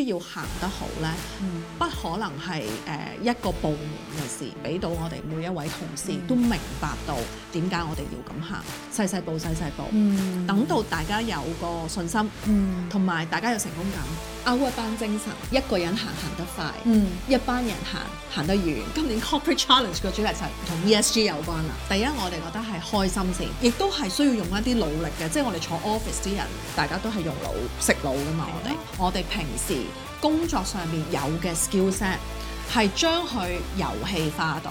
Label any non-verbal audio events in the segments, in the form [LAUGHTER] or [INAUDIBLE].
要行得好呢，不可能係誒一個部門嘅事，俾到我哋每一位同事都明白到點解我哋要咁行，細細步細細步，等到大家有個信心，同埋大家有成功感。Outward Bound 精神，一個人行行得快，嗯，一班人行行得遠。今年 Corporate Challenge 嘅主題就係同 ESG 有關啦。第一，我哋覺得係開心先，亦都係需要用一啲努力嘅，即係我哋坐 office 啲人，大家都係用腦、食腦噶嘛。常我哋我哋平時工作上面有嘅 skillset，係將佢遊戲化到。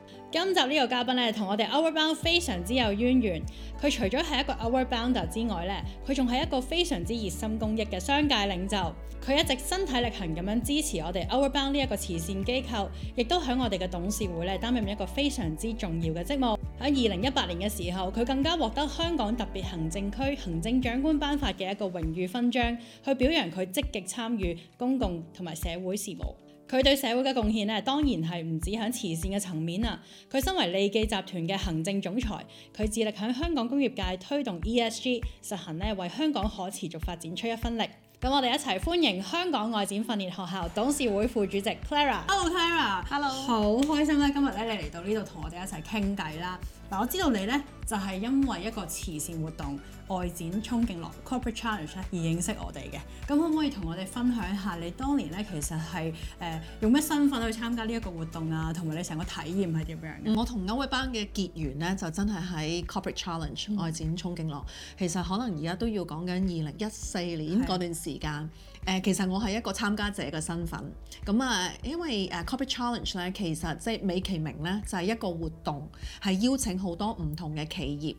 今集呢個嘉賓咧，同我哋 Outward Bound 非常之有淵源。佢除咗係一個 Outward Bounder 之外咧，佢仲係一個非常之熱心公益嘅商界領袖。佢一直身體力行咁樣支持我哋 Outward Bound 呢一個慈善機構，亦都喺我哋嘅董事會咧擔任一個非常之重要嘅職務。喺二零一八年嘅時候，佢更加獲得香港特別行政區行政長官頒發嘅一個榮譽勳章，去表揚佢積極參與公共同埋社會事務。佢對社會嘅貢獻咧，當然係唔止響慈善嘅層面啊！佢身為利記集團嘅行政總裁，佢致力響香港工業界推動 ESG，實行咧為香港可持續發展出一分力。咁我哋一齊歡迎香港外展訓練學校董事會副主席 Clara。Hello，Clara。Hello。好開心咧，今日咧你嚟到呢度同我哋一齊傾偈啦！嗱，我知道你咧就係、是、因為一個慈善活動外展衝勁樂 Corporate Challenge 咧而認識我哋嘅，咁可唔可以同我哋分享一下你當年咧其實係誒、呃、用咩身份去參加呢一個活動啊，同埋你成個體驗係點樣嘅？我同歐威班嘅結緣咧就真係喺 Corporate Challenge 外展衝勁樂，嗯、其實可能而家都要講緊二零一四年嗰段時間。誒其實我係一個參加者嘅身份，咁啊，因為誒 Corporate Challenge 咧，其實即係美其名咧，就係一個活動，係邀請好多唔同嘅企業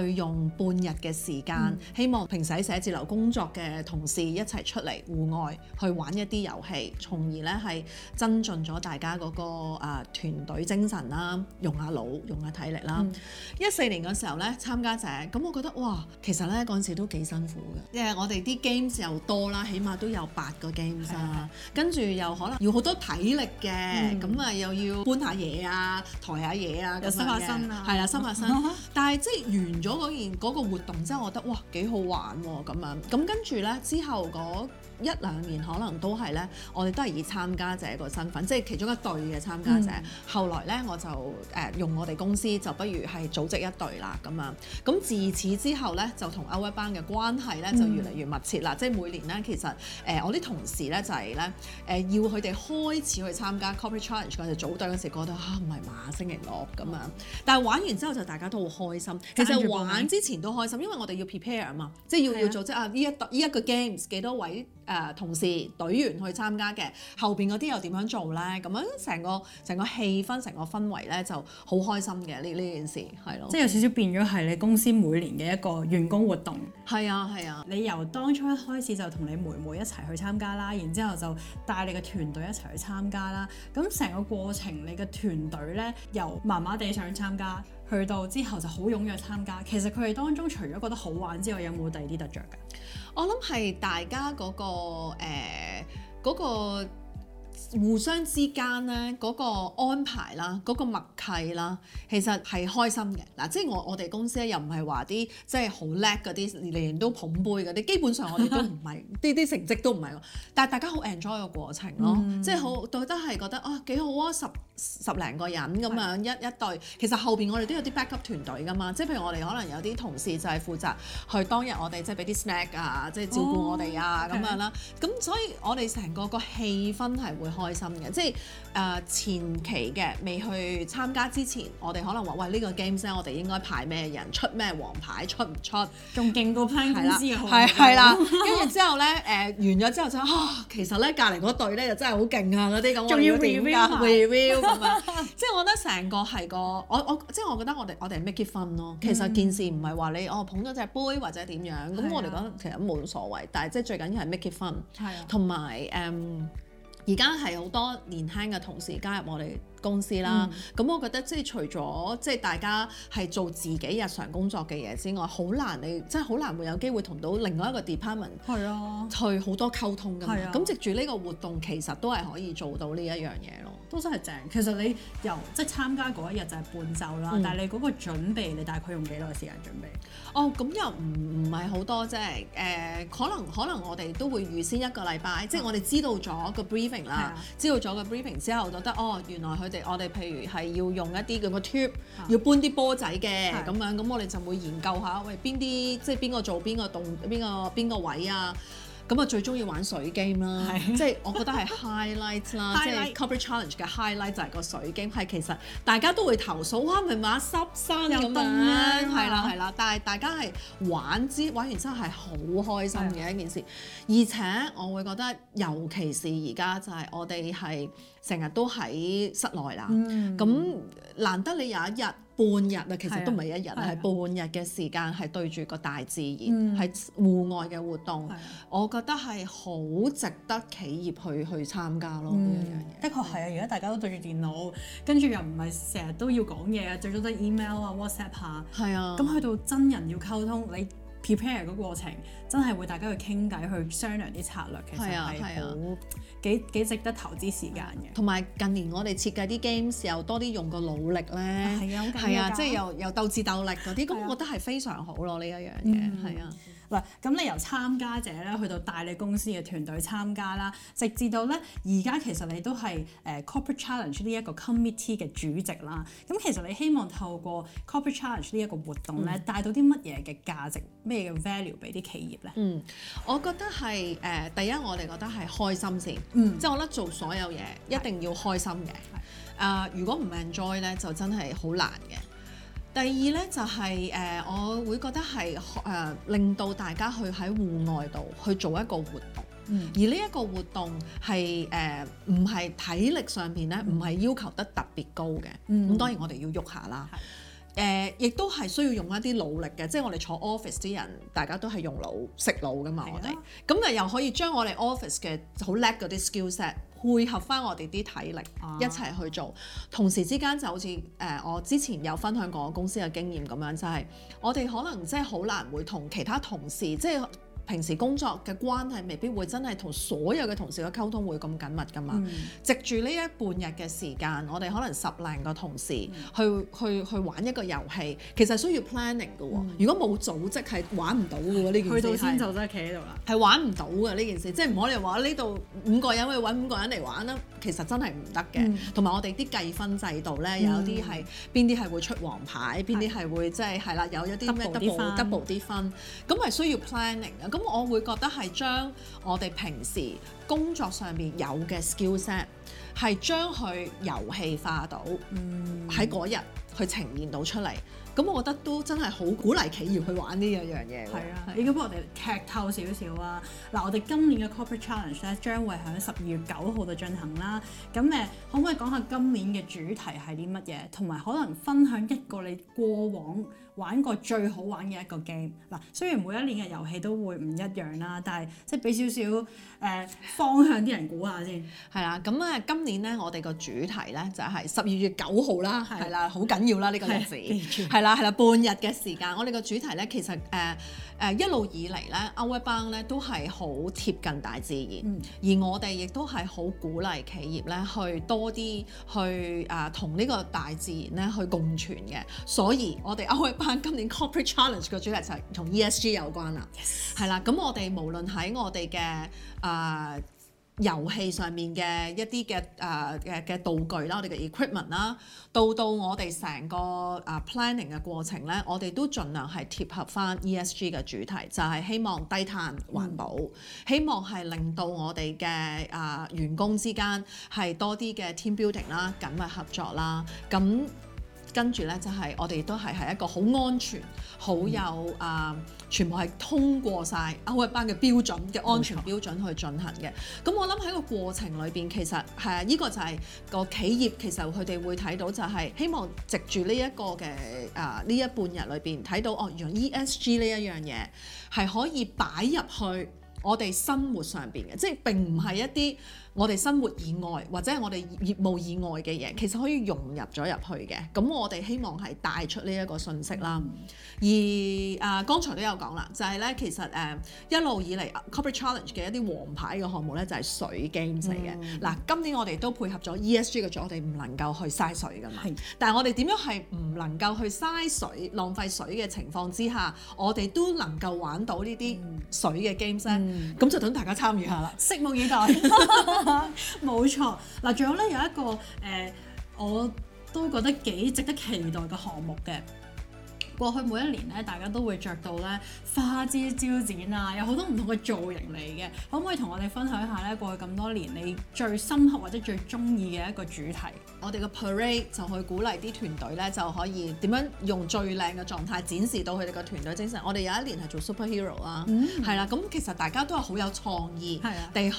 去用半日嘅時間，嗯、希望平時喺寫字樓工作嘅同事一齊出嚟戶外去玩一啲遊戲，從而咧係增進咗大家嗰個啊團隊精神啦，用下腦，用下體力啦。一四、嗯、年嗰時候咧，參加者，咁我覺得哇，其實咧嗰陣時都幾辛苦嘅，因為我哋啲 games 又多啦，起碼。都有八個 game，跟住又可能要好多體力嘅，咁啊、嗯、又要搬下嘢啊，抬下嘢啊，又洗下身啊，係啊， [LAUGHS] 洗下身。 [LAUGHS] 但係即係完咗嗰件嗰個活動之後，我覺得哇幾好玩喎，咁啊，咁跟住咧之後嗰、那個。一兩年可能都係咧，我哋都係以參加者個身份，即係其中一隊嘅參加者。嗯、後來咧，我就誒用我哋公司就不如係組織一隊啦，咁啊。咁自此之後咧、嗯，就同 o 一班嘅關係咧就越嚟越，越密切啦、嗯。即係每年咧，其實誒、呃、我啲同事咧就係咧誒要佢哋開始去參加 Corporate Challenge 嗰陣組隊嗰陣時，覺得嚇唔係嘛星期六咁啊。但係玩完之後就大家都好開心。其實玩之前都開心，因為我哋要 prepare 啊嘛，即係要組即要做即啊呢一呢一個 games 幾多位。誒同事隊員去參加嘅，後邊嗰啲又點樣做呢？咁樣成個成個氣氛、成個氛圍呢就好開心嘅呢呢件事，係咯，即係有少少變咗係你公司每年嘅一個員工活動。係啊，係啊，你由當初一開始就同你妹妹一齊去參加啦，然之後就帶你嘅團隊一齊去參加啦。咁成個過程，你嘅團隊呢由麻麻地想參加，去到之後就好踴躍參加。其實佢哋當中除咗覺得好玩之外，有冇第二啲得著㗎？我諗係大家嗰個誒嗰個，呃嗰個互相之間咧嗰個安排啦，嗰、嗰個默契啦，其實係開心嘅。嗱，即係我我哋公司咧又唔係話啲即係好叻嗰啲年年都捧杯嘅，你基本上我哋都唔係呢啲成績都唔係，但係大家好 enjoy 個過程咯，嗯、即係好都真係覺得啊幾好啊十十零個人咁樣是一一隊，其實後邊我哋都有啲 back up 團隊㗎嘛，即係譬如我哋可能有啲同事就係負責去當日我哋即係俾啲 snack 啊，即係照顧我哋啊咁樣啦。咁、哦 okay. 所以我哋成個個氣氛係會。開心嘅，即係誒、呃、前期嘅未去參加之前，我哋可能話：喂，呢、這個 g a m e 我哋應該派咩人出咩王牌出唔出？仲勁過 plan 唔知啊！係啦了，跟住了 [LAUGHS] 之後咧誒、呃、完咗之後就嚇、哦，其實咧隔離嗰隊咧就真係好勁啊！嗰啲咁，仲要 r e v e a r e v e a 咁啊！即係我覺得成個係個我我即係我覺得我哋我哋係 make i 咯。其實件事唔係話你哦捧咗隻杯或者點樣咁， [LAUGHS] 我哋覺得其實冇乜所謂。但係即係最緊要係 make it 啊， [LAUGHS] 同埋誒。而家係好多年輕嘅同事加入我哋。公司啦，咁、嗯嗯嗯、我覺得即係除咗即係大家係做自己日常工作嘅嘢之外，好難你即係好難會有機會同到另外一個 department 係是啊，去好多溝通咁樣嘅嘛。咁藉住呢個活動其實都係可以做到呢一樣嘢咯。都真係正。其實你由即係參加嗰一日就係半晝啦，嗯、但係你嗰個準備，你大概用幾耐時間準備？嗯、哦，咁又唔唔係好多即係誒、呃、可能可能我哋都會預先一個禮拜，嗯、即係我哋知道咗個 briefing 啦，是啊、知道咗個 briefing 之後覺得哦原來佢。我哋譬如係要用一啲咁嘅 tube，要搬啲波仔嘅咁樣，咁我哋就會研究下，喂邊啲即係邊個做邊個動邊個邊個位啊？咁啊最鍾意玩水 game 啦、啊，的即係我覺得係 highlight 啦，即係 Corporate Challenge 嘅 highlight 就係個水 game。係，其實大家都會投訴馬生啊，唔係嘛，濕身咁樣，係啦係啦，但係大家係玩之玩完之後係好開心嘅一件事，的而且我會覺得，尤其是而家就係我哋係。成日都喺室內啦，咁、嗯、難得你有一日半日啊，其實都唔係一日啊，係、啊、半日嘅時間係對住個大自然，係戶、嗯、外嘅活動，啊、我覺得係好值得企業去去參加咯呢、嗯、樣嘢。的確係啊，而家大家都對住電腦，跟住又唔係成日都要講嘢啊，最多都 email 啊、WhatsApp 下，係啊，咁去到真人要溝通，你 prepare 個過程。真係會大家去傾偈，去商量啲策略，其實係好、啊啊、幾幾值得投資時間嘅。同埋近年我哋設計啲 games 時候多啲用個努力咧，係啊，係啊，即係又又鬥智鬥力嗰啲，咁我覺得係非常好咯，呢一樣嘢。係啊，嗱，咁、啊嗯嗯、你由參加者咧去到帶你公司嘅團隊參加啦，直至到咧而家其實你都係誒 Corporate Challenge 呢一個 committee 嘅主席啦。咁其實你希望透過 Corporate Challenge 呢一個活動咧，帶、嗯、到啲乜嘢嘅價值咩嘅 value 俾啲企業？嗯，我覺得係誒、呃、第一，我哋覺得係開心先，嗯、即係我覺得做所有嘢一定要開心嘅。誒的、呃，如果唔 enjoy 咧，就真係好難嘅。第二咧就係、是、誒、呃，我會覺得係誒、呃、令到大家去喺戶外度去做一個活動，嗯、而呢一個活動係誒唔係體力上邊咧，唔係要求得特別高嘅。咁、嗯、當然我哋要喐下啦。誒、呃，亦都係需要用一啲努力嘅，即係我哋坐 office 啲人，大家都係用腦、食腦㗎嘛，的我哋咁啊，又可以將我哋 office 嘅好叻嗰啲 skillset 配合返我哋啲體力一齊去做，同時之間就好似誒，我之前有分享過我公司嘅經驗咁樣，就係、是、我哋可能即係好難會同其他同事即係。平時工作嘅關係未必會真係同所有嘅同事嘅溝通會咁緊密噶嘛？嗯、藉住呢一半日嘅時間，我哋可能十零個同事去、嗯、去去，去玩一個遊戲，其實需要 planning 嘅、哦。嗯、如果冇組織係玩唔到嘅喎，呢件事去到先就真係企喺度啦，係玩唔到嘅呢件事，即係唔可以話呢度五個人去揾五個人嚟玩啦。其實真係唔得嘅，同埋、嗯、我哋啲計分制度咧，有啲係邊啲係會出黃牌，邊啲係會即係係啦，有一啲咩 double 啲分，咁係、嗯、的需要 planning 啊。咁我會覺得係將我哋平時工作上面有嘅 skillset，係將佢遊戲化到，喺嗰日去呈現到出嚟。咁我覺得都真係好鼓勵企業去玩呢一樣嘢。係啊，應該幫我哋劇透少少啊！嗱，我哋今年嘅 Corporate Challenge 咧將會喺十二月九號度進行啦。咁誒，可唔可以講下今年嘅主題係啲乜嘢？同埋可能分享一個你過往玩過最好玩嘅一個 game，嗱雖然每一年嘅遊戲都會唔一樣啦，但係即係俾少少誒方向啲人估下先，係啦。咁啊，今年咧我哋個主題咧就係十二月九號啦，係啦，好緊要啦呢個日子，係啦係啦，半日嘅時間，我哋個主題咧其實誒。呃誒一路以嚟咧，歐威班咧都係好貼近大自然，嗯、而我哋亦都係好鼓勵企業咧去多啲去誒、呃、同呢個大自然咧去共存嘅。所以，我哋歐威班今年 Corporate Challenge 嘅主題就係同 ESG 有關 Yes. 啦，係啦。咁我哋無論喺我哋嘅誒。呃遊戲上面嘅一啲嘅誒嘅嘅道具啦，我哋嘅 equipment 啦，到到我哋成個啊 planning 嘅過程咧，我哋都盡量係貼合翻 ESG 嘅主題，就係、是、希望低碳、環保，嗯、希望係令到我哋嘅啊員工之間係多啲嘅 team building 啦、緊密合作啦，咁。跟住呢，就係、是、我哋都係係一個好安全、好有啊、嗯呃，全部係通過晒歐一班嘅標準嘅安全標準去進行嘅。咁錯我諗喺個過程裏邊，其實係啊，呢、這個就係、是、個企業其實佢哋會睇到就係希望藉住呢一個嘅啊呢一半日裏邊睇到哦，原來 ESG 呢一樣嘢係可以擺入去我哋生活上邊嘅，即係並唔係一啲。我哋生活以外或者係我哋業務以外嘅嘢，其實可以融入咗入去嘅。咁我哋希望係帶出呢一個信息啦。嗯、而啊、呃，剛才都有講啦，就係、是、呢，其實誒、呃、一路以嚟 Corporate Challenge 嘅一啲王牌嘅項目呢，就係水 game 嚟嘅。嗱，今年我哋都配合咗 ESG 嘅，我哋唔能夠去嘥水噶嘛。是但係我哋點樣係唔能夠去嘥水、浪費水嘅情況之下，我哋都能夠玩到呢啲水嘅 game 咧？咁就等大家參與下啦，拭目以待。 [LAUGHS] [LAUGHS] 冇 [LAUGHS] 錯，嗱，仲有咧，有一個誒，我都覺得幾值得期待嘅項目嘅。過去每一年咧，大家都會着到咧花枝招展啊，有好多唔同嘅造型嚟嘅。可唔可以同我哋分享一下咧？過去咁多年，你最深刻或者最中意嘅一個主題？我哋個 parade 就去鼓勵啲團隊咧，就可以點樣用最靚嘅狀態展示到佢哋個團隊精神。我哋有一年係做 superhero 啦、啊，係啦、嗯。咁、啊、其實大家都係好有創意地去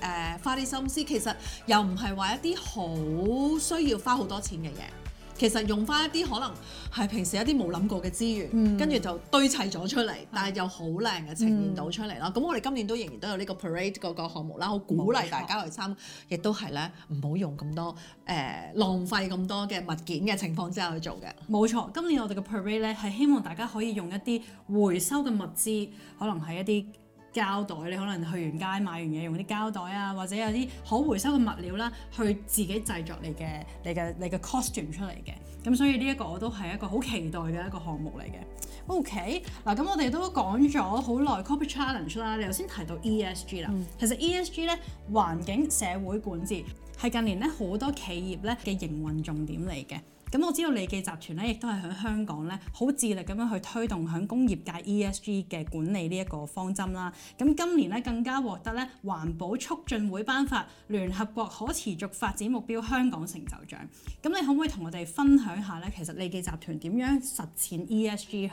誒花啲心思，啊、其實又唔係話一啲好需要花好多錢嘅嘢。其實用翻一啲可能係平時一啲冇諗過嘅資源，跟住、嗯、就堆砌咗出嚟，嗯、但係又好靚嘅呈現到出嚟啦。咁、嗯、我哋今年都仍然都有呢個 parade 嗰個項目啦，好鼓勵大家去參，冇錯、亦都係咧唔好用咁多誒、呃、浪費咁多嘅物件嘅情況之下去做嘅。冇錯，今年我哋嘅 parade 咧係希望大家可以用一啲回收嘅物資，可能係一啲。膠袋，你可能去完街買完嘢用啲膠袋啊，或者有啲可回收嘅物料啦，去自己製作你嘅你嘅你嘅 costume 出嚟嘅。咁所以呢一個我都係一個好期待嘅一個項目嚟嘅。OK，嗱咁我哋都講咗好耐 Corporate Challenge 啦，你頭先提到 ESG 啦，嗯、其實 ESG 咧環境、社會管治係近年咧好多企業咧嘅營運重點嚟嘅。咁我知道利記集團咧，亦都係響香港咧，好致力咁樣去推動響工業界 ESG 嘅管理呢一個方針啦。咁今年咧更加獲得咧環保促進會頒發聯合國可持續發展目標香港成就獎，咁你可唔可以同我哋分享下咧？其實利記集團點樣實踐 ESG 響誒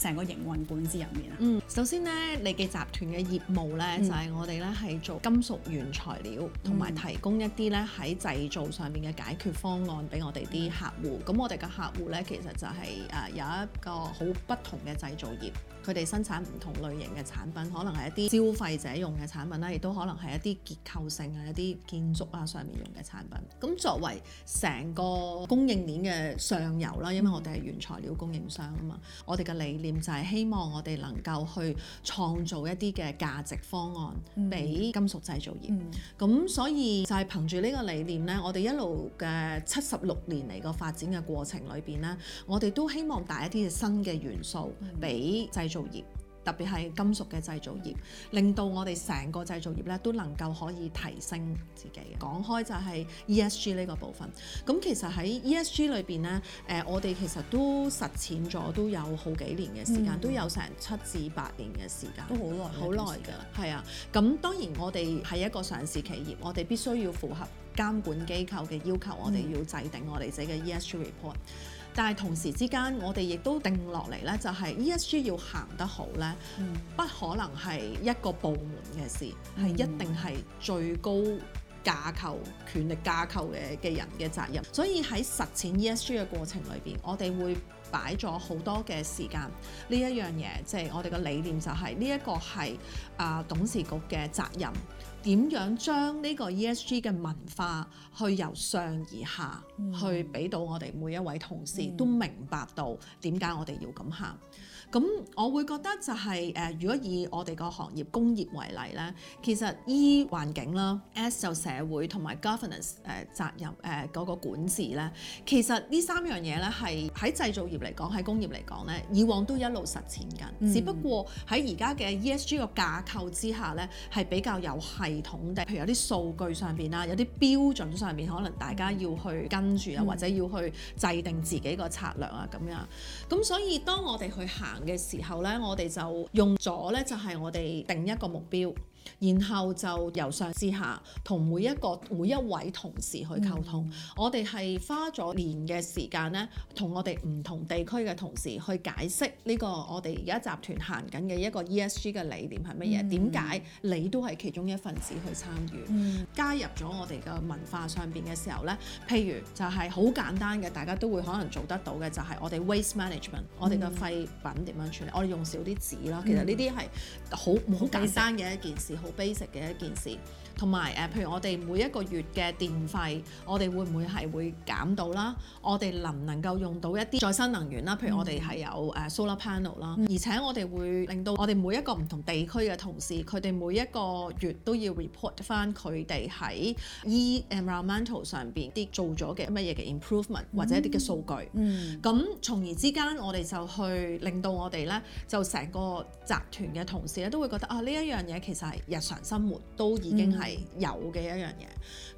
成、呃、個營運管治入面啊？嗯，首先咧利記集團嘅業務咧、嗯、就係我哋咧係做金屬原材料，同埋提供一啲咧喺製造上面嘅解決方案俾我哋啲。客戶咁，我哋嘅客戶咧，其實就係誒有一個好不同嘅製造業。佢哋生產唔同類型嘅產品，可能係一啲消費者用嘅產品啦，亦都可能係一啲結構性嘅一啲建築啊上面用嘅產品。咁作為成個供應鏈嘅上游啦，因為我哋係原材料供應商啊嘛，我哋嘅理念就係希望我哋能夠去創造一啲嘅價值方案俾金屬製造業。咁、嗯、所以就係憑住呢個理念呢，我哋一路嘅七十六年嚟個發展嘅過程裏邊呢，我哋都希望帶一啲新嘅元素俾製造業特別係金屬嘅製造業，令到我哋成個製造業咧都能夠可以提升自己。講開就係 ESG 呢個部分，咁其實喺 ESG 裏邊咧，誒、呃、我哋其實都實踐咗都有好幾年嘅時間，嗯、都有成七至八年嘅時間，都好耐，好耐㗎。係啊，咁當然我哋係一個上市企業，我哋必須要符合監管機構嘅要求，我哋要制定我哋自己嘅 ESG report。但係同時之間，我哋亦都定落嚟咧，就係、是、E S G 要行得好咧，不可能係一個部門嘅事，係一定係最高架構、權力架構嘅嘅人嘅責任。所以喺實踐 E S G 嘅過程裏邊，我哋會擺咗好多嘅時間。呢一樣嘢，即、就、係、是、我哋嘅理念就係呢一個係啊董事局嘅責任。點樣將呢個 ESG 嘅文化去由上而下、嗯、去俾到我哋每一位同事都明白到點解我哋要咁行？咁我會覺得就係、是、誒、呃、如果以我哋個行業工業為例咧，其實 E 環境啦，S 就社會同埋 governance 誒、呃、責任誒、呃嗰個管治咧，其實三呢三樣嘢咧係喺製造業嚟講喺工業嚟講咧，以往都一路實踐緊，嗯、只不過喺而家嘅 ESG 個架構之下咧，係比較有系統嘅，譬如有啲數據上邊啦有啲標準上邊，可能大家要去跟住啊，或者要去制定自己個策略啊咁樣咁、嗯嗯、所以當我哋去行。嘅時候咧，我哋就用咗咧，就係、是、我哋定一個目標。然後就由上至下同每一個每一位同事去溝通，嗯、我哋係花咗年嘅時間呢同我哋唔同地區嘅同事去解釋呢、呢個我哋而家集團行緊嘅一個 ESG 嘅理念係乜嘢，點解、嗯、你都係其中一份子去參與，嗯、加入咗我哋嘅文化上邊嘅時候呢，譬如就係好簡單嘅，大家都會可能做得到嘅就係、是、我哋 waste management、嗯、我哋嘅廢品點樣處理，我哋用少啲紙啦，其實呢啲係好好簡單嘅一件事。好 basic 嘅一件事。同埋誒譬如我哋每一個月嘅電費，我哋會唔會係會減到啦？我哋能唔能夠用到一啲再生能源啦？譬如我哋係有誒、mm hmm. uh, solar panel 啦、mm，hmm. 而且我哋會令到我哋每一個唔同地區嘅同事，佢哋每一個月都要 report 翻佢哋喺 e environmental 上邊啲做咗嘅乜嘢嘅 improvement、mm hmm. 或者一啲嘅數據嗯，咁從、mm hmm. 而之間我哋就去令到我哋咧，就成個集團嘅同事咧都會覺得啊，呢一樣嘢其實係日常生活都已經係、mm。Hmm. 有嘅一樣嘢，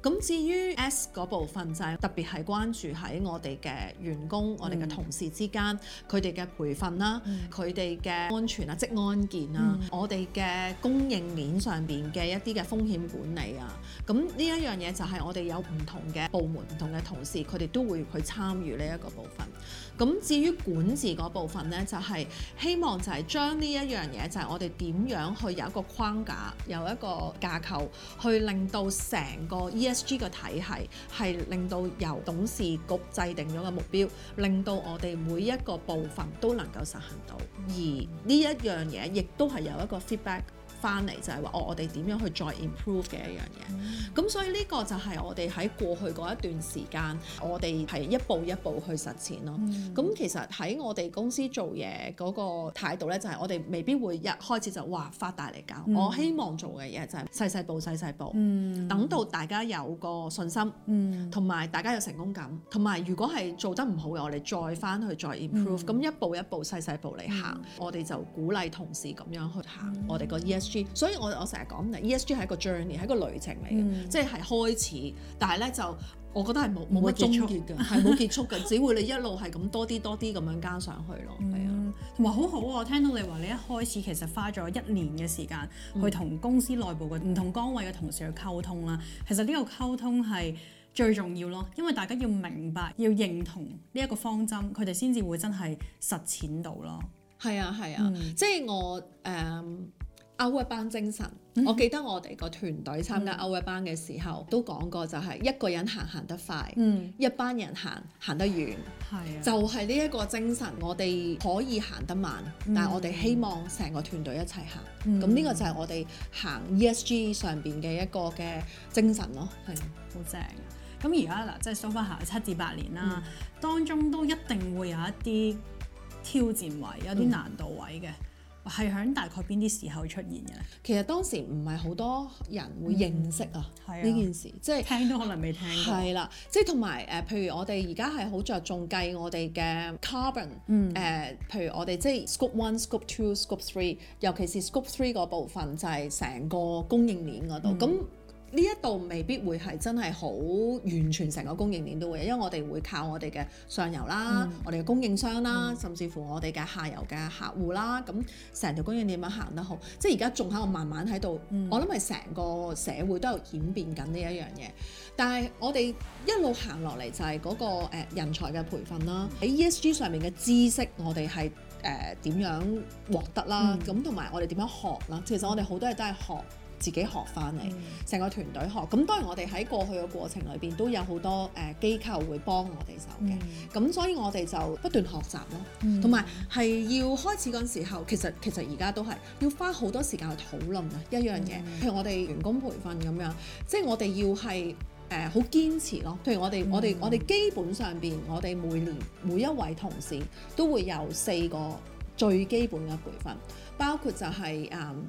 咁至於 S 嗰部分就係特別係關注喺我哋嘅員工、嗯、我哋嘅同事之間，佢哋嘅培訓啦，佢哋嘅安全啊、職安健啊，嗯、我哋嘅供應鏈上邊嘅一啲嘅風險管理啊，咁呢一樣嘢就係我哋有唔同嘅部門、唔同嘅同事，佢哋都會去參與呢一個部分。咁至於管治嗰部分呢，就係希望就係將呢一樣嘢，就係我哋點樣去有一個框架，有一個架構，去令到成個 ESG 嘅體系係令到由董事局制定咗個目標，令到我哋每一個部分都能夠實行到。而呢一樣嘢，亦都係有一個 feedback。翻嚟就係話，我我哋點樣去再 improve 嘅一樣嘢。咁所以呢個就係我哋喺過去嗰一段時間，我哋係一步一步去實踐咯。咁其實喺我哋公司做嘢嗰個態度咧，就係我哋未必會一開始就哇發大嚟搞。我希望做嘅嘢就係細細步細細步，等到大家有個信心，同埋大家有成功感，同埋如果係做得唔好嘅，我哋再翻去再 improve。咁一步一步細細步嚟行，我哋就鼓勵同事咁樣去行我哋個所以我我成日講 E S G 係一個 journey，係一個旅程嚟嘅，嗯、即係係開始，但係咧就我覺得係冇冇乜終結㗎，係冇結束嘅， [LAUGHS] 只會你一路係咁多啲多啲咁樣加上去咯。係啊、嗯以，同埋好好啊，我聽到你話你一開始其實花咗一年嘅時間去同公司內部嘅唔同崗位嘅同事去溝通啦。其實呢個溝通係最重要咯，因為大家要明白要認同呢一個方針，佢哋先至會真係實踐到咯。係啊係啊，即係我誒。嗯 Outward Bound 精神，嗯、我記得我哋個團隊參加 Outward Bound 嘅時候、嗯、都講過，就係一個人行行得快，嗯、一班人行行得遠，嗯啊、就係呢一個精神。我哋可以行得慢，嗯、但係我哋希望成個團隊一齊行。咁呢、嗯、個就係我哋行 ESG 上邊嘅一個嘅精神咯。係，好正、啊。咁而家嗱，即係 so far 行七至八年啦，嗯、當中都一定會有一啲挑戰位，有啲難度位嘅。係響大概邊啲時候出現嘅咧？其實當時唔係好多人會認識啊呢件事，即係、嗯啊就是、聽都可能未聽過。係啦，即係同埋誒，譬如我哋而家係好着重計我哋嘅 carbon，誒、嗯呃、譬如我哋即係 Scope One、Scope Two、Scope Three，尤其是 Scope Three 嗰部分就係成個供應鏈嗰度咁。嗯呢一度未必會係真係好完全成個供應鏈都會，因為我哋會靠我哋嘅上游啦，嗯、我哋嘅供應商啦，嗯、甚至乎我哋嘅下游嘅客戶啦，咁成條供應鏈點行得好？即係而家仲喺度慢慢喺度，嗯、我諗係成個社會都有演變緊呢一樣嘢。嗯、但係我哋一路行落嚟就係嗰、嗰個、呃、人才嘅培訓啦，喺、嗯、ESG 上面嘅知識我哋係誒點樣獲得啦？咁同埋我哋點樣學啦？其實我哋好多嘢都係學。自己學翻嚟，成、嗯、個團隊學。咁當然我哋喺過去嘅過程裏邊都有好多誒、呃、機構會幫我哋手嘅。咁、嗯、所以我哋就不斷學習咯，同埋係要開始嗰陣時候，其實其實而家都係要花好多時間去討論一樣嘢，嗯、譬如我哋員工培訓咁樣，即係我哋要係誒好堅持咯。譬如我哋、嗯、我哋我哋基本上邊，我哋每年每一位同事都會有四個最基本嘅培訓，包括就係、是、誒、嗯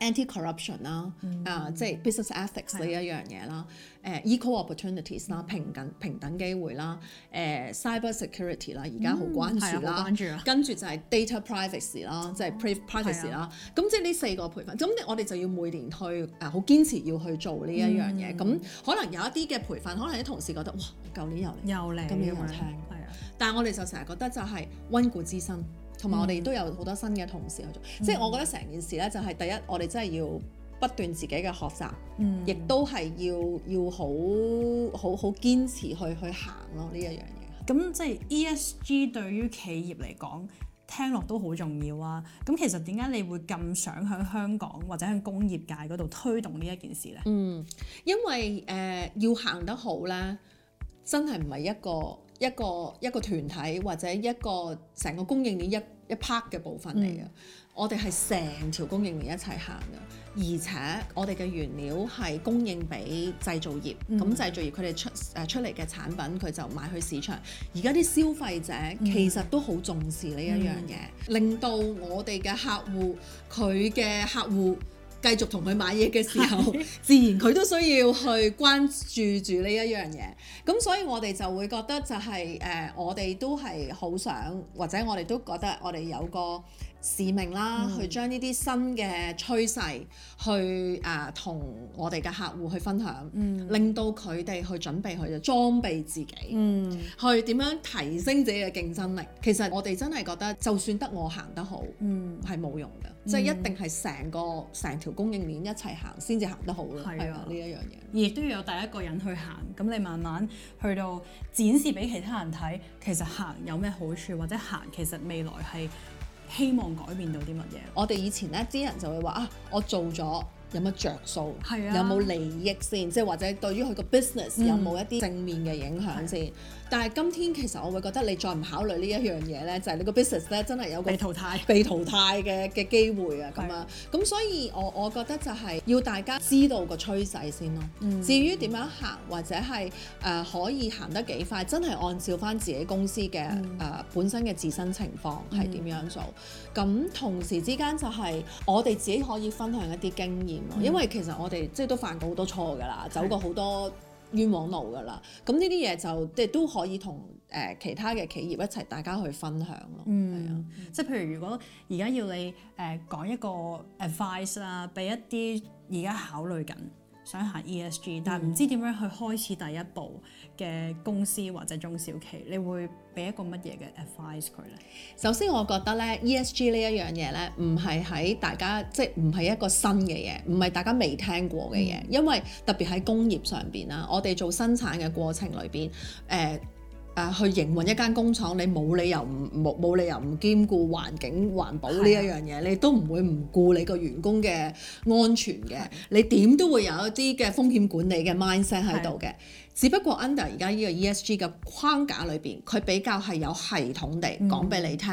anti-corruption 啦，啊，即係 business ethics 呢一樣嘢啦，誒 equal opportunities 啦，平等平等機會啦，誒，cyber security 啦，而家好關注啦，跟住就係 data privacy 啦，即係 priv privacy 啦，咁即係呢四個培訓，咁我哋就要每年去誒，好堅持要去做呢一樣嘢，咁可能有一啲嘅培訓，可能啲同事覺得哇，舊年又嚟，又嚟，今年我聽，係啊，但係我哋就成日覺得就係溫故知新。同埋我哋都有好多新嘅同事去做，嗯、即係我覺得成件事呢，就係第一，我哋真係要不斷自己嘅學習，嗯，亦都係要要好好好堅持去去行咯呢一樣嘢。咁即係 ESG 對於企業嚟講，聽落都好重要啊。咁其實點解你會咁想響香港或者響工業界嗰度推動呢一件事咧？嗯，因為誒、呃、要行得好咧，真係唔係一個。一個一個團體或者一個成個供應鏈一一 part 嘅部分嚟嘅，嗯、我哋係成條供應鏈一齊行嘅，而且我哋嘅原料係供應俾製造業，咁、嗯、製造業佢哋出誒出嚟嘅產品佢就賣去市場，而家啲消費者其實都好重視呢一樣嘢，嗯、令到我哋嘅客戶佢嘅客戶，繼續同佢買嘢嘅時候， [LAUGHS] 自然佢都需要去關注住呢一樣嘢。咁所以我哋就會覺得就係、是、誒、呃，我哋都係好想，或者我哋都覺得我哋有個使命啦，嗯、去將呢啲新嘅趨勢去誒、呃、同我哋嘅客戶去分享，嗯、令到佢哋去準備去，就裝備自己，嗯、去點樣提升自己嘅競爭力。其實我哋真係覺得，就算得我行得好，係冇、嗯、用嘅，嗯、即係一定係成個成條供應鏈一齊行先至行得好啦。係啊、嗯，呢一樣嘢，亦都要有第一個人去行，咁你慢慢去到展示俾其他人睇，其實行有咩好處，或者行其實未來係。希望改變到啲乜嘢？我哋以前咧，啲人就會話啊，我做咗有乜著數？有冇、係啊、利益先？即係或者對於佢個 business、嗯、有冇一啲正面嘅影響先？但係今天其實我會覺得你再唔考慮呢一樣嘢呢，就係、是、你個 business 呢真係有個被淘汰、被淘汰嘅嘅機會啊咁啊！咁是的 所以我我覺得就係要大家知道個趨勢先咯。嗯、至於點樣行或者係誒、呃、可以行得幾快，真係按照返自己公司嘅誒、嗯呃、本身嘅自身情況係點樣做。咁、嗯、同時之間就係我哋自己可以分享一啲經驗咯，嗯、因為其實我哋即係都犯過好多錯㗎啦，走過好多。冤枉路㗎啦，咁呢啲嘢就即係都可以同誒其他嘅企業一齊大家去分享咯，係、嗯、啊，即係譬如如果而家要你誒、呃、講一個 advice 啦，俾一啲而家考慮緊，想下 ESG，但唔知點樣去開始第一步嘅公司或者中小企，你會俾一個乜嘢嘅 advice 佢呢？首先我覺得咧 ESG 呢一樣嘢呢，唔係喺大家即係唔係一個新嘅嘢，唔係大家未聽過嘅嘢，嗯、因為特別喺工業上邊啦，我哋做生產嘅過程裏邊誒。呃誒去營運一間工廠，你冇理由唔冇冇理由唔兼顧環境環保呢一樣嘢的，你都唔會唔顧你個員工嘅安全嘅，你點都會有一啲嘅風險管理嘅 mindset 喺度嘅。的只不過 under 而家呢個 ESG 嘅框架裏邊，佢比較係有系統地講俾你聽。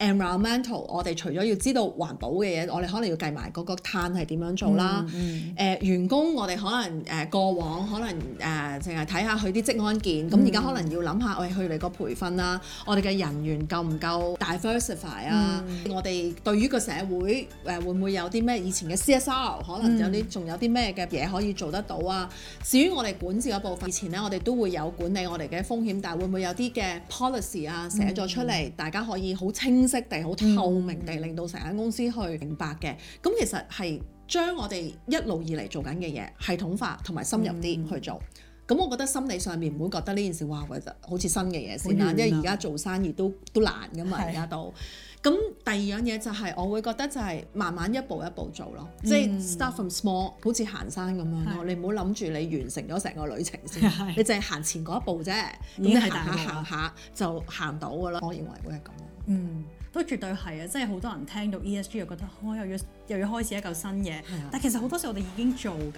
environmental，我哋除咗要知道環保嘅嘢，我哋可能要計埋嗰個碳係點樣做啦。誒、嗯嗯呃、員工，我哋可能誒、呃、過往可能誒淨係睇下佢啲職安健，咁而家可能要諗下我哋佢哋個培訓啦，我哋嘅人員夠唔夠 diversify 啊？我哋、啊嗯、對於個社會誒、呃、會唔會有啲咩以前嘅 CSR 可能有啲仲、嗯、有啲咩嘅嘢可以做得到啊？至於我哋管治嗰部分，以前咧我哋都會有管理我哋嘅風險，但係會唔會有啲嘅 policy 啊寫咗出嚟、嗯嗯嗯，大家可以好清。識地好透明地，令到成間公司去明白嘅。咁其實係將我哋一路以嚟做緊嘅嘢系統化，同埋深入啲去做。咁我覺得心理上面唔會覺得呢件事哇，好似新嘅嘢先啦。因為而家做生意都都難噶嘛，而家都。咁第二樣嘢就係我會覺得就係慢慢一步一步做咯，即係 start from small，好似行山咁樣咯。你唔好諗住你完成咗成個旅程先，你淨係行前嗰一步啫。咁你行下行下就行到噶啦。我認為會係咁樣。嗯。都絕對係啊！即係好多人聽到 ESG 又覺得，我、哦、又要又要開始一嚿新嘢。係啊，但其實好多時候我哋已經做緊，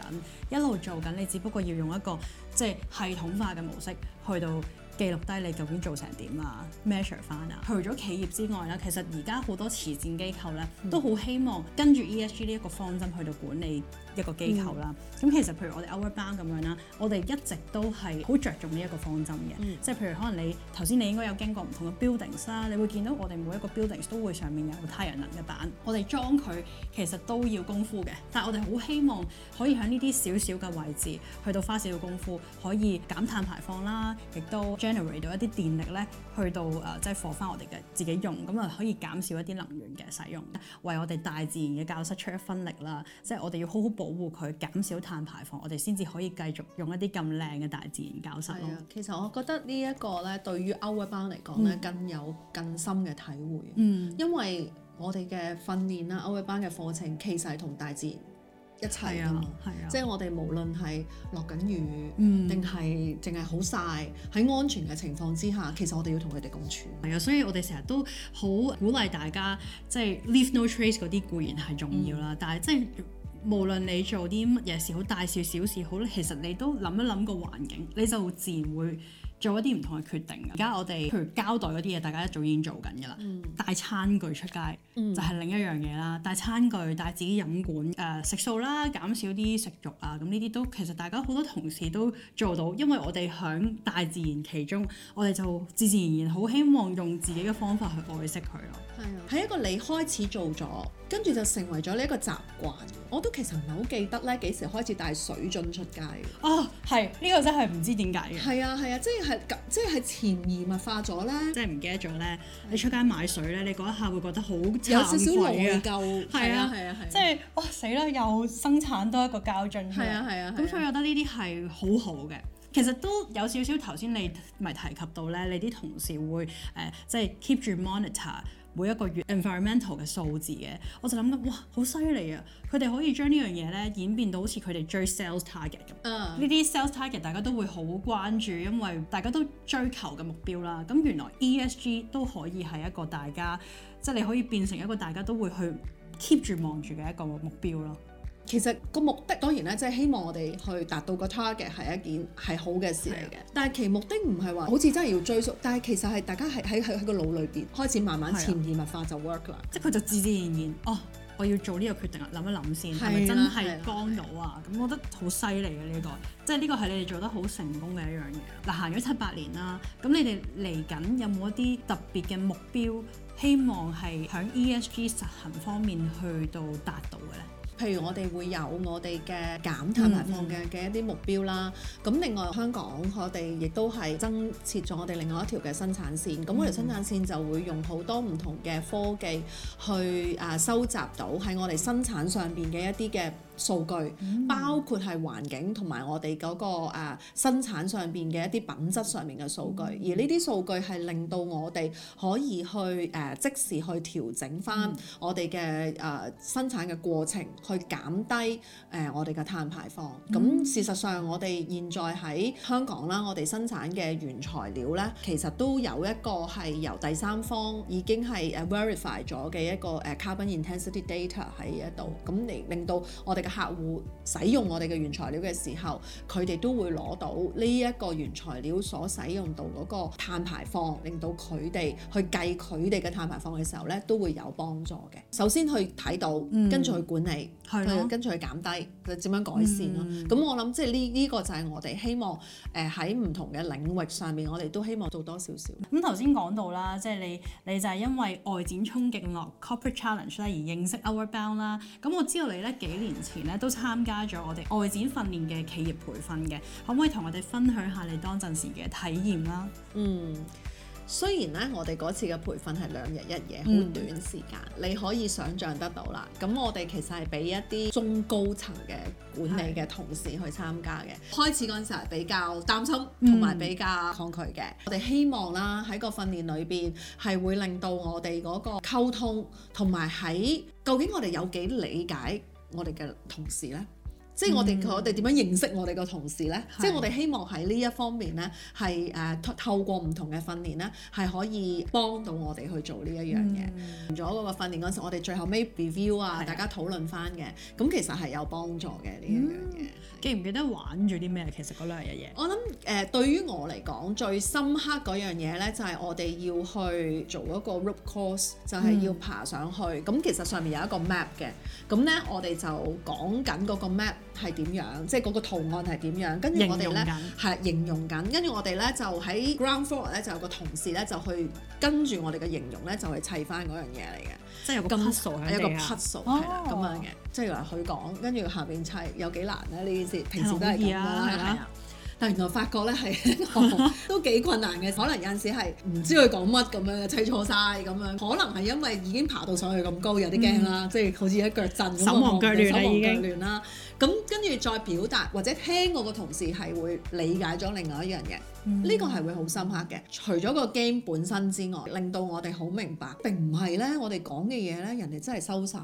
一路做緊，你只不過要用一個即係系統化嘅模式去到記錄低你究竟做成點啊，measure 翻啊。嗯、除咗企業之外啦，其實而家好多慈善機構咧都好希望跟住 ESG 呢一個方針去到管理。一個機構啦，咁、嗯、其實譬如我哋 Outward Bound 咁樣啦，我哋一直都係好着重呢一個方針嘅，嗯、即係譬如可能你頭先你應該有經過唔同嘅 buildings 啦，你會見到我哋每一個 buildings 都會上面有個太陽能嘅板，我哋裝佢其實都要功夫嘅，但係我哋好希望可以喺呢啲少少嘅位置去到花少少功夫，可以減碳排放啦，亦都 generate 到一啲電力咧，去到誒、呃、即係放翻我哋嘅自己用，咁啊可以減少一啲能源嘅使用，為我哋大自然嘅教室出一分力啦，即係我哋要好好。保護佢減少碳排放，我哋先至可以繼續用一啲咁靚嘅大自然教實。其實我覺得呢一個咧，對於 Outward Bound 嚟講咧，更有更深嘅體會。嗯，因為我哋嘅訓練啦，Outward Bound 嘅課程其實係同大自然一齊噶嘛。係啊，即係、啊、我哋無論係落緊雨，嗯，定係淨係好曬，喺安全嘅情況之下，其實我哋要同佢哋共存。係啊，所以我哋成日都好鼓勵大家，即、就、係、是、leave no trace 嗰啲固然係重要啦，嗯、但係即係。無論你做啲乜嘢事好，好大事小，小事好，其實你都諗一諗個環境，你就自然會做一啲唔同嘅決定，而家我哋譬如交代嗰啲嘢，大家一早已經做緊嘅啦。嗯、帶餐具出街、嗯、就係另一樣嘢啦，帶餐具、帶自己飲管誒、呃、食素啦，減少啲食肉啊，咁呢啲都其實大家好多同事都做到，因為我哋喺大自然其中，我哋就自自然然好希望用自己嘅方法去愛惜佢咯。係啊，係一個你開始做咗，跟住就成為咗呢一個習慣。我都其實唔係好記得咧幾時開始帶水樽出街哦，啊，係呢、這個真係唔知點解嘅。係啊，係啊，啊，即係。係咁，即係潛移默化咗啦，即係唔記得咗咧。你出街買水咧，你嗰一下會覺得好有少少內疚，係 [LAUGHS] 啊，係啊，係。啊，啊，即係哇，死啦，又生產多一個膠樽嘅。係啊，係啊。咁所以我覺得呢啲係好好嘅。其實都有少少頭先你咪提及到咧，你啲同事會誒、呃、即係 keep 住 monitor。每一個月 environmental 嘅數字嘅，我就諗到：「哇，好犀利啊！」佢哋可以將呢樣嘢呢演變到好似佢哋追 sales target 咁。嗯，呢啲 sales target 大家都會好關注，因為大家都追求嘅目標啦。咁原來 ESG 都可以係一個大家，即係你可以變成一個大家都會去 keep 住望住嘅一個目標咯。其實個目的當然咧，即係希望我哋去達到個 target 係一件係好嘅事嚟嘅。的但係其目的唔係話好似真係要追溯，的但係其實係大家係喺喺喺個腦裏邊開始慢慢潛移默化就 work 啦，即係佢就自自然然哦，我要做呢個決定啊，諗一諗先係咪的真係幫到啊？咁我覺得好犀利嘅呢個，即係呢個係你哋做得好成功嘅一樣嘢。嗱，行咗七八年啦，咁你哋嚟緊有冇一啲特別嘅目標，希望係喺 ESG 實行方面去到達到嘅咧？譬如我哋會有我哋嘅減碳排放嘅嘅一啲目標啦，咁、嗯嗯、另外香港我哋亦都係增設咗我哋另外一條嘅生產線，咁我哋生產線就會用好多唔同嘅科技去啊收集到喺我哋生產上邊嘅一啲嘅。數據、mm hmm. 包括係環境同埋我哋、嗰個，誒、啊、生產上邊嘅一啲品質上面嘅數據，mm hmm. 而呢啲數據係令到我哋可以去誒、啊、即時去調整翻我哋嘅誒生產嘅過程，去減低誒、啊、我哋嘅碳排放。咁、mm hmm. 事實上，我哋現在喺香港啦，我哋生產嘅原材料咧，其實都有一個係由第三方已經係誒 verify 咗嘅一個誒 carbon intensity data 喺一度，咁嚟令到我哋嘅。客戶使用我哋嘅原材料嘅時候，佢哋都會攞到呢一個原材料所使用到個碳排放，令到佢哋去計佢哋嘅碳排放嘅時候咧，都會有幫助嘅。首先去睇到，跟住去管理，嗯、跟住去減低，就點樣改善咯。咁、嗯、我諗即係呢呢個就係我哋希望誒喺唔同嘅領域上面，我哋都希望做多少少。咁頭先講到啦，即、就、係、是、你你就係因為外展衝勁樂 Corporate Challenge 咧而認識 Outward Bound 啦。咁我知道你咧幾年。咧都參加咗我哋外展訓練嘅企業培訓嘅，可唔可以同我哋分享下你當陣時嘅體驗啦？嗯，雖然咧我哋嗰次嘅培訓係兩日一夜，好短時間，嗯、你可以想象得到啦。咁我哋其實係俾一啲中高層嘅管理嘅同事去參加嘅。是開始嗰陣時係比較擔心同埋比較抗拒嘅。嗯、我哋希望啦喺個訓練裏邊係會令到我哋嗰個溝通同埋喺究竟我哋有幾理解，我哋嘅同事咧。即係我哋我哋點樣認識我哋個同事呢？是即係我哋希望喺呢一方面呢，係誒透過唔同嘅訓練呢，係可以幫到我哋去做呢一樣嘢。完咗嗰個訓練嗰陣時，我哋最後尾 review 啊，是的 大家討論翻嘅，咁其實係有幫助嘅呢、嗯、一樣嘢。記唔記得玩咗啲咩？其實嗰兩樣嘢，我諗誒、呃、對於我嚟講最深刻嗰樣嘢呢，就係、是、我哋要去做一個 rope course，就係要爬上去。咁、嗯、其實上面有一個 map 嘅，咁呢，我哋就講緊嗰個 map。係點樣？即係嗰個圖案係點樣？跟住我哋咧係形容緊，跟住我哋咧就喺 ground floor 咧就有個同事咧就去跟住我哋嘅形容咧就去砌翻嗰樣嘢嚟嘅。即係有個 puzzle 係一個 puzzle，係啦咁樣嘅。即係話佢講，跟住下邊砌有幾難咧？呢件事平時都係咁啦，啊啊啊、但原來發覺咧係都幾困難嘅，可能有陣時係唔知佢講乜咁樣砌錯晒咁樣。可能係因為已經爬到上去咁高，有啲驚啦，即係、嗯、好似一腳震，手忙腳亂啦，亂已經。咁跟住再表達或者聽我個同事係會理解咗另外一樣嘢。呢、嗯、個係會好深刻嘅。除咗個 game 本身之外，令到我哋好明白，並唔係呢，我哋講嘅嘢呢，人哋真係收晒。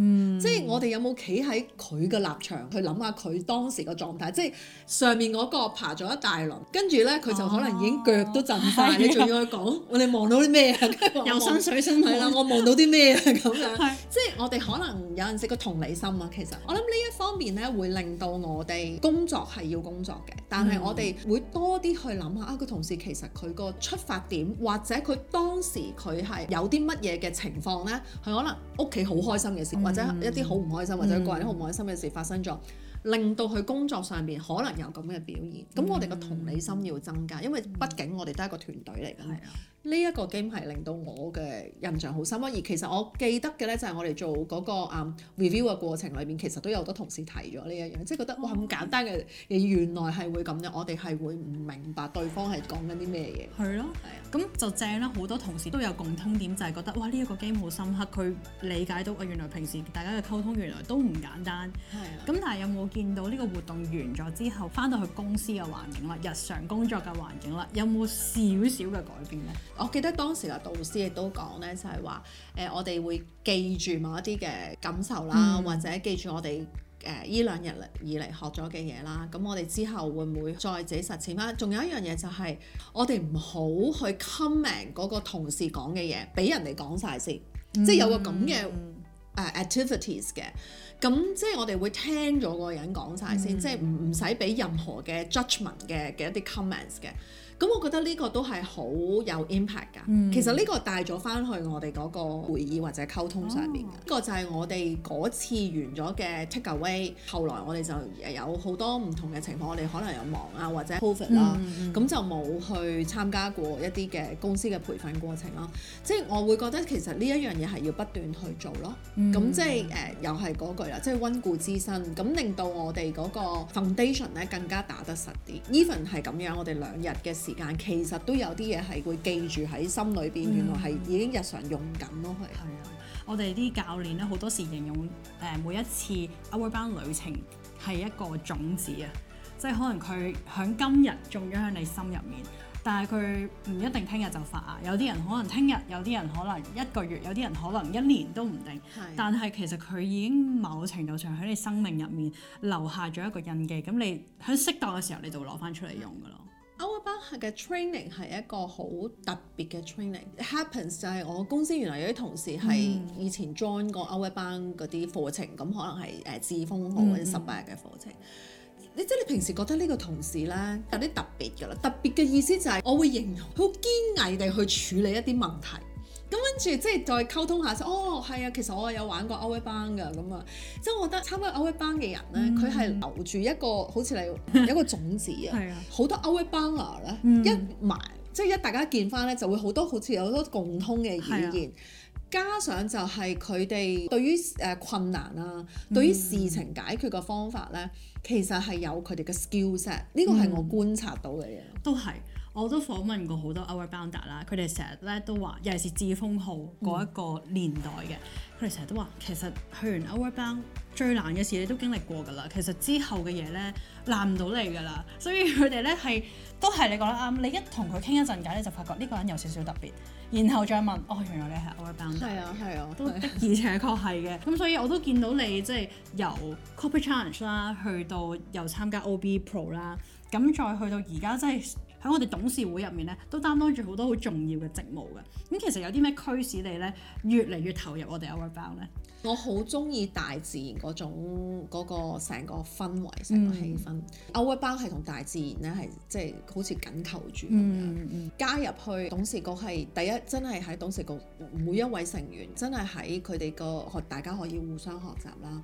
嗯，即係我哋有冇企喺佢嘅立場去諗下佢當時個狀態？即係上面嗰個爬咗一大輪，跟住咧佢就可能已經腳都震曬，你仲要去講我哋望到啲咩啊？又深水深係啦、啊，我望到啲咩啊咁樣？是即係我哋可能有陣時個同理心啊。其實我諗呢一方面咧，會令到我哋工作係要工作嘅，但係我哋會多啲去諗下啊個同事其實佢個出發點，或者佢當時佢係有啲乜嘢嘅情況咧，佢可能屋企好開心嘅事。嗯或者一啲好唔開心，或者個人好唔開心嘅事發生咗。令到佢工作上面可能有咁嘅表現，咁、嗯、我哋嘅同理心要增加，因為畢竟我哋都係一個團隊嚟㗎，係啊，呢一、嗯、個 game 係令到我嘅印象好深刻，而其實我記得嘅咧就係我哋做嗰、那個啊、嗯、review 嘅過程裏邊，其實都有好多同事提咗呢一樣，即係覺得哇咁簡單嘅原來係會咁樣，我哋係會唔明白對方係講緊啲咩嘢。係咯，係啊，咁就正啦，好多同事都有共通點就係、是、覺得哇呢一、這個 game 好深刻，佢理解到啊原來平時大家嘅溝通原來都唔簡單。係的。咁但係有冇？見到呢個活動完咗之後，翻到去公司嘅環境啦，日常工作嘅環境啦，有冇少少嘅改變呢？我記得當時嘅導師亦都講呢，就係話誒，我哋會記住某一啲嘅感受啦，或者記住我哋誒呢兩日以嚟學咗嘅嘢啦。咁、嗯、我哋之後會唔會再自己實踐咧？仲有一樣嘢就係、是、我哋唔好去 comment 嗰個同事講嘅嘢，俾人哋講晒先，嗯、即係有個咁嘅誒 activities 嘅。咁即係我哋會聽咗個人講晒先，嗯、即係唔唔使畀任何嘅 judgement 嘅嘅一啲 comments 嘅。咁我覺得呢個都係好有 impact 噶。嗯、其實呢個帶咗翻去我哋嗰個會議或者溝通上邊嘅。呢、哦、個就係我哋嗰次完咗嘅 takeaway。後來我哋就有好多唔同嘅情況，我哋可能有忙啊或者 COVID、嗯、啦，咁、嗯、就冇去參加過一啲嘅公司嘅培訓過程咯。即係我會覺得其實呢一樣嘢係要不斷去做咯。咁、嗯、即係誒、嗯呃、又係嗰句啦，即係溫故知新，咁令到我哋嗰個 foundation 咧更加打得實啲。Even 係咁樣，我哋兩日嘅。時間其實都有啲嘢係會記住喺心裏邊，原來係已經日常用緊咯。係、嗯，係 [NOISE] 啊！我哋啲教練咧，好多時形容誒每一次 Outward Bound 班旅程係一個種子啊，嗯、即係可能佢響今日種咗喺你心入面，但係佢唔一定聽日就發芽。有啲人可能聽日，有啲人可能一個月，有啲人可能一年都唔定。的但係其實佢已經某程度上喺你生命入面留下咗一個印記。咁你喺適當嘅時候你，你就攞翻出嚟用噶咯。嗯。Outward Bound 嘅 training 係一個好特別嘅 training。happens 就係我公司原來有啲同事係以前 join 過 Outward Bound 啲課程，咁可能係誒志風號，或者十八日嘅課程。你即係你平時覺得呢個同事咧有啲特別㗎啦，特別嘅意思就係我會形容好堅毅地去處理一啲問題。咁跟住，即係再溝通下哦，係啊，其實我有玩過 OA 班噶咁啊。即係我覺得參加 OA 班嘅人咧，佢係、嗯、留住一個好似你一個種子啊。係啊、嗯，好多 OA 班啊咧，一埋即係一大家見翻咧，就會多好多好似有好多共通嘅語言。嗯、加上就係佢哋對於誒困難啊，對於事情解決嘅方法咧，嗯、其實係有佢哋嘅 skills 嘅。呢個係我觀察到嘅嘢。都係、嗯。我都訪問過好多 Outward Bounder 啦，佢哋成日咧都話，尤其是志風號嗰一個年代嘅，佢哋成日都話，其實去完 Outward Bound 最難嘅事你都經歷過㗎啦，其實之後嘅嘢咧難唔到你㗎啦，所以佢哋咧係都係你覺得啱，你一同佢傾一陣偈咧就發覺呢個人有少少特別，然後再問哦，原來你係 Outward Bounder 係啊係啊，啊啊都而且確係嘅，咁、啊、所以我都見到你即係、就是、由 Corporate Challenge 啦，去到又參加 OB Pro 啦，咁再去到而家即係。就是喺我哋董事會入面咧，都擔當住好多好重要嘅職務嘅。咁、嗯、其實有啲咩驅使你咧，越嚟越投入我哋 o u t r 包咧？我好中意大自然嗰種嗰、那個成個氛圍成個氣氛。o u t r 包係同大自然咧係即係好似緊扣住咁樣、嗯嗯嗯、加入去董事局係第一，真係喺董事局每一位成員真係喺佢哋個學大家可以互相學習啦。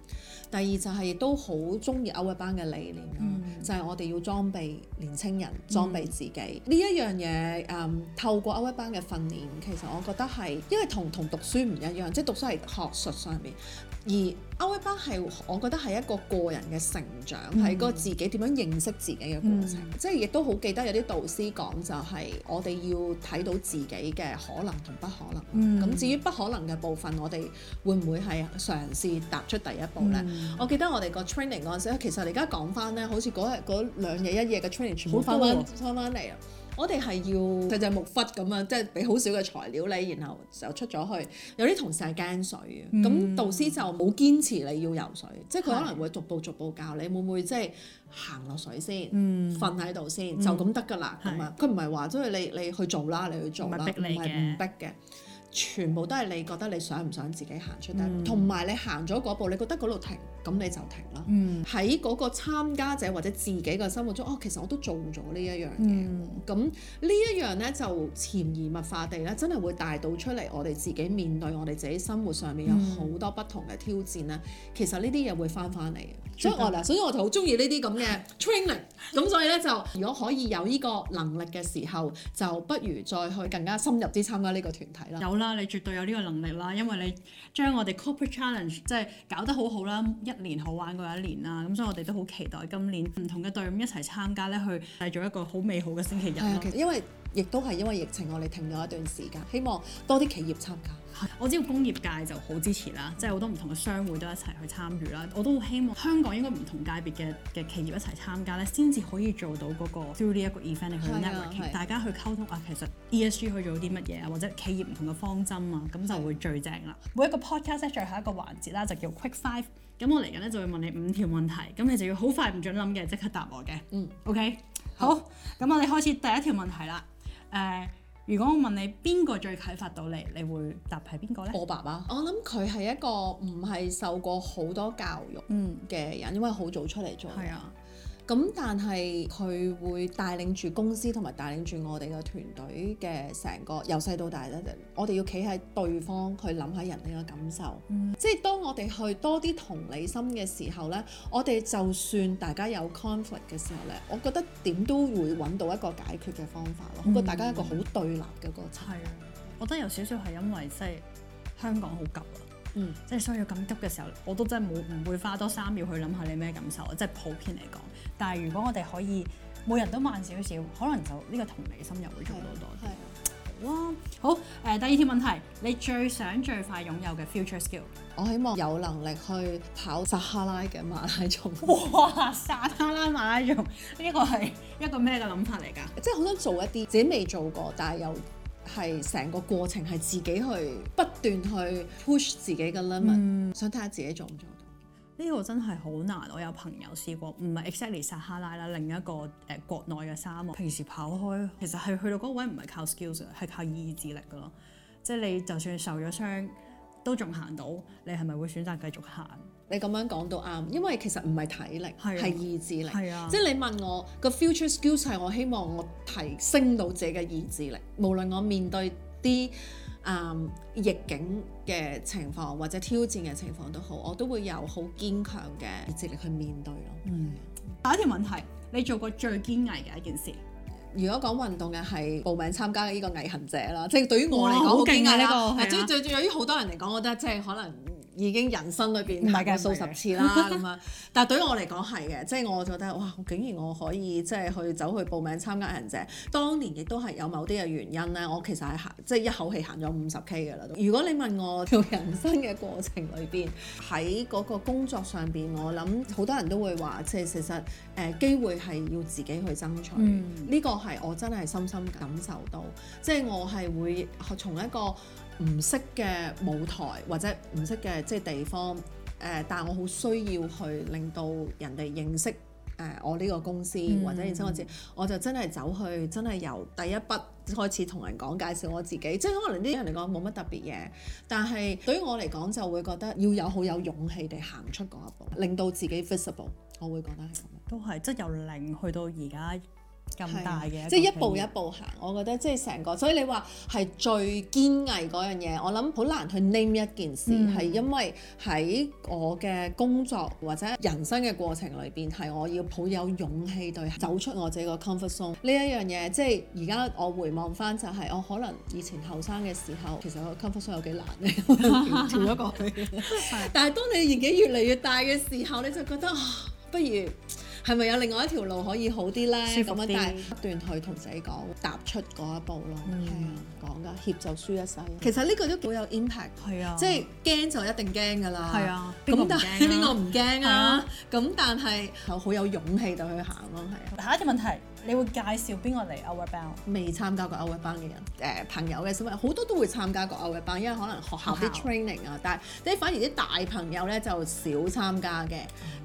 第二就係、是、都好中意 o u t r 包嘅理念啦，嗯、就係我哋要裝備年青人，裝備自、嗯。自。自己呢一樣嘢，嗯，透過歐一班嘅訓練，其實我覺得係，因為同同讀書唔一樣，即係讀書係學術上面。而歐威班係，我覺得係一個個人嘅成長，係、嗯、個自己點樣認識自己嘅過程。嗯、即係亦都好記得有啲導師講就係，我哋要睇到自己嘅可能同不可能。咁、嗯、至於不可能嘅部分，我哋會唔會係嘗試踏出第一步呢？嗯、我記得我哋個 training 嗰陣時其實你而家講翻呢，好似嗰日嗰兩日一夜嘅 training 全部都翻翻翻翻嚟啊！我哋係要隻隻木忽咁樣，即係俾好少嘅材料你，然後就出咗去。有啲同事係驚水嘅，咁、嗯、導師就冇堅持你要游水，嗯、即係佢可能會逐步逐步教你，嗯、會唔會即係行落水先，瞓喺度先，就咁得㗎啦。咁樣，佢唔係話即係你你去做啦，你去做啦，唔係唔逼嘅。全部都係你覺得你想唔想自己行出嚟，同埋、嗯、你行咗嗰步，你覺得嗰度停，咁你就停啦。喺嗰、嗯、個參加者或者自己嘅生活中，哦，其實我都做咗呢一樣嘢。咁呢一樣呢，就潛移默化地咧，真係會帶到出嚟我哋自己面對我哋自己生活上面有好多不同嘅挑戰啦。嗯、其實呢啲嘢會翻返嚟，對所以我哋，所以我就好中意呢啲咁嘅 training、啊。咁所以咧就，如果可以有呢個能力嘅時候，就不如再去更加深入啲參加呢個團體啦。有啦。你絕對有呢個能力啦，因為你將我哋 Corporate Challenge 即係搞得好好啦，一年好玩過一年啦，咁所以我哋都好期待今年唔同嘅隊伍一齊參加咧，去製造一個好美好嘅星期日。okay. 因為亦都係因為疫情，我哋停咗一段時間，希望多啲企業參加。我知道工業界就好支持啦，即係好多唔同嘅商會都一齊去參與啦。我都好希望香港應該唔同界別嘅嘅企業一齊參加咧，先至可以做到嗰個 through 呢一個 event 嚟去 networking，大家去溝通啊。其實 ESG 去做啲乜嘢啊，或者企業唔同嘅方針啊，咁就會最正啦。的每一個 podcast 喺最後一個環節啦，就叫 quick five。咁我嚟緊咧就會問你五條問題，咁你就要好快唔准諗嘅，即刻答我嘅。嗯，OK，好。咁我哋開始第一條問題啦。誒、呃。如果我問你邊個最啟發到你，你會答係邊個呢？我爸爸，我諗佢係一個唔係受過好多教育嘅人，嗯、因為好早出嚟做。係啊。咁，但係佢會帶領住公司，同埋帶領住我哋個團隊嘅成個由細到大咧。我哋要企喺對方去諗下人哋嘅感受，嗯、即係當我哋去多啲同理心嘅時候咧，我哋就算大家有 conflict 嘅時候咧，我覺得點都會揾到一個解決嘅方法咯。嗯、我覺得大家一個好對立嘅過程，啊、我覺得有少少係因為即係香港好急，嗯，即係需要咁急嘅時候，我都真係冇唔會花多三秒去諗下你咩感受啊。即係普遍嚟講。但係如果我哋可以每人都慢少少，可能就呢個同理心又會做多好多。係好啊，好。誒、呃，第二條問題，你最想最快擁有嘅 future skill？我希望有能力去跑撒哈拉嘅馬拉松。哇！撒哈拉馬拉松呢 [LAUGHS] 個係一個咩嘅諗法嚟㗎？即係好想做一啲自己未做過，但係又係成個過程係自己去不斷去 push 自己嘅 limit、嗯、想睇下自己做唔做。呢個真係好難，我有朋友試過，唔係 exactly 撒哈拉啦，另一個誒、呃、國內嘅沙漠。平時跑開，其實係去到嗰位唔係靠 skills，係靠意志力嘅咯。即係你就算受咗傷，都仲行到，你係咪會選擇繼續行？你咁樣講都啱，因為其實唔係體力，係、啊、意志力。啊、即係你問我個 future skills 係我希望我提升到自己嘅意志力，無論我面對啲，誒、um, 逆境嘅情況或者挑戰嘅情況都好，我都會有好堅強嘅毅力去面對咯。嗯，下一條問題，你做過最堅毅嘅一件事？如果講運動嘅係報名參加呢個毅行者啦，即、就、係、是、對於我嚟講好堅毅呢係啊，即係、呢個、對對,對,對於好多人嚟講，我覺得即係可能。已經人生裏邊大概嘅數十次啦咁啊！ [LAUGHS] 但對於我嚟講係嘅，即係我覺得哇，竟然我可以即係去走去報名參加人者。當年亦都係有某啲嘅原因咧，我其實係行即係一口氣行咗五十 K 嘅啦。如果你問我，做人生嘅過程裏邊喺嗰個工作上邊，我諗好多人都會話，即係其實誒機會係要自己去爭取，嗯、呢個係我真係深深感受到。即係我係會從一個。唔識嘅舞台或者唔識嘅即係地方，誒、呃，但係我好需要去令到人哋認識誒、呃、我呢個公司、嗯、或者認識我自己、嗯、我就真係走去真係由第一筆開始同人講介紹我自己，即係可能啲人嚟講冇乜特別嘢，但係對於我嚟講就會覺得要有好有勇氣地行出嗰一步，令到自己 visible，我會覺得係咁。都係，即係由零去到而家。咁大嘅，即係一步一步行，我覺得即係成個，所以你話係最堅毅嗰樣嘢，我諗好難去 name 一件事，係、嗯、因為喺我嘅工作或者人生嘅過程裏邊，係我要抱有勇氣對走出我自己個 comfort zone 呢一、嗯、樣嘢。即係而家我回望翻就係，我可能以前後生嘅時候，其實個 comfort zone 有幾難呢？跳咗過去。但係當你年紀越嚟越大嘅時候，你就覺得不如。係咪有另外一條路可以好啲咧？咁樣，但係不斷去同自己講踏出嗰一步咯。係、嗯、啊，講噶，怯就輸一世。其實呢個都好有 impact。係啊，即係驚就一定驚㗎啦。係啊，咁但係邊個唔驚啊？咁、 [LAUGHS] 啊啊、但係好有勇氣就去行咯。係、啊。下一個問題。你會介紹邊個嚟 our v 班？未參加過 our v 班嘅人，誒、呃、朋友嘅小朋友好多都會參加過 our v 班，因為可能學校啲 training 啊校，但係啲反而啲大朋友咧就少參加嘅。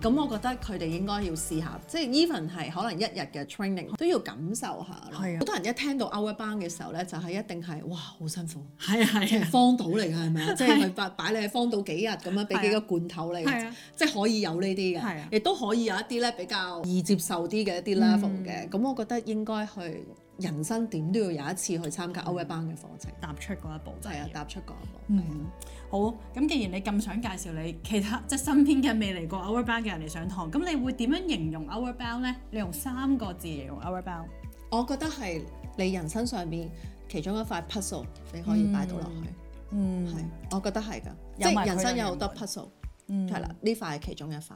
咁我覺得佢哋應該要試下，即係 even 係可能一日嘅 training 都要感受下咯。係啊，好多人一聽到 our v 班嘅時候咧，就係、是、一定係哇好辛苦，係啊係啊，成荒島嚟㗎係咪啊？即係擺擺你喺荒島幾日咁樣，俾幾個罐頭你，啊、即係可以有呢啲㗎，亦都、啊、可以有一啲咧比較易接受啲嘅一啲 level 嘅咁。嗯嗯我覺得應該去人生點都要有一次去參加 Over 班嘅課程、嗯，踏出嗰一步。係啊，踏出嗰一步。嗯，對好。咁既然你咁想介紹你其他即係身邊嘅未嚟過 Over 班嘅人嚟上堂，咁你會點樣形容 Over b o u n d 咧？你用三個字形容 Over b o u n d 我覺得係你人生上邊其中一塊 l e 你可以擺到落去嗯。嗯，係，我覺得係噶，即係人生有好多 puzzle。嗯，係啦，呢塊係其中一塊。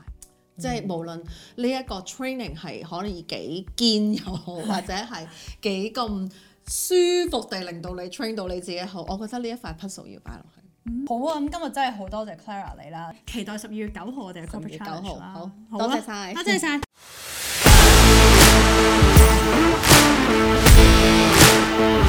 即係無論呢一個 training 係可以幾堅又好， [LAUGHS] 或者係幾咁舒服地令到你 train 到你自己好，我覺得呢一塊 puzzle 要擺落去、嗯。好啊，咁、嗯、今日真係好多謝 Clara 你啦，期待十二月九號我哋嘅 Corporate Challenge 啦，好，好，好、啊、多謝晒，多謝晒。嗯。